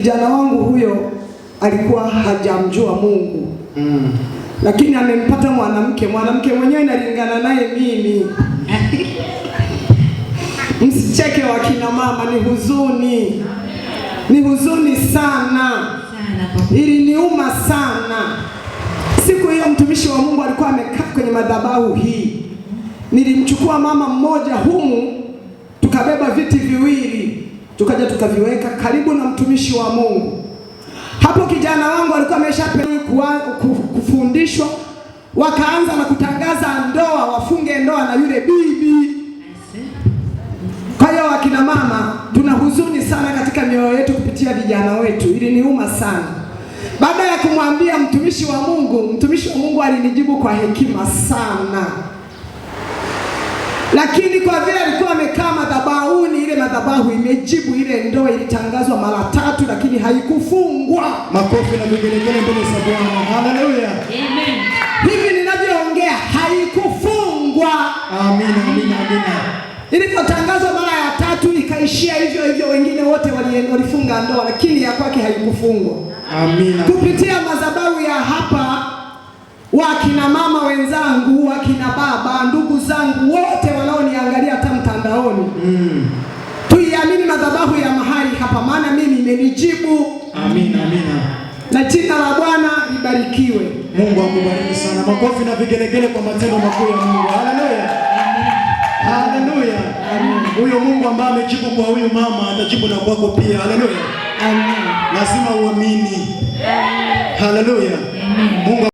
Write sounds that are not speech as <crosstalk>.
Kijana wangu huyo alikuwa hajamjua Mungu mm. Lakini amempata mwanamke, mwanamke mwenyewe nalingana naye mimi <laughs> msicheke kina mama, ni huzuni, ni huzuni sana, iliniuma sana. Siku hiyo mtumishi wa Mungu alikuwa amekaa kwenye madhabahu hii, nilimchukua mama mmoja humu, tukabeba viti viwili tukaja tukaviweka karibu na mtumishi wa Mungu. Hapo kijana wangu alikuwa ameshapewa kufundishwa, wakaanza na kutangaza ndoa, wafunge ndoa na yule bibi. Kwa hiyo wakina mama tuna huzuni sana katika mioyo yetu kupitia vijana wetu, iliniuma sana. Baada ya kumwambia mtumishi wa Mungu, mtumishi wa Mungu alinijibu kwa hekima sana, lakini kwa vile alikuwa amekaa madhabahu madhabahu imejibu ile ndoa ilitangazwa mara tatu, lakini haikufungwa. Makofi na vigelegele mbele za Bwana. Haleluya, amen. Hivi ninavyoongea haikufungwa. Amen, amen, amen. Ilipotangazwa mara ya tatu ikaishia hivyo hivyo, wengine wote walifunga ndoa, lakini ya kwake haikufungwa. Amen. Kupitia madhabahu ya hapa wakina mama wenzangu, wakina baba, ndugu zangu wote wanaoniangalia hata mtandaoni mm umenijibu. Amina, amina. Na jina la Bwana libarikiwe. Mungu akubariki sana. Makofi na vigelegele kwa matendo makuu ya Mungu. Haleluya. Haleluya. Huyo Mungu ambaye amejibu kwa huyu mama atajibu na kwako pia. Haleluya. Lazima uamini. Haleluya. Mungu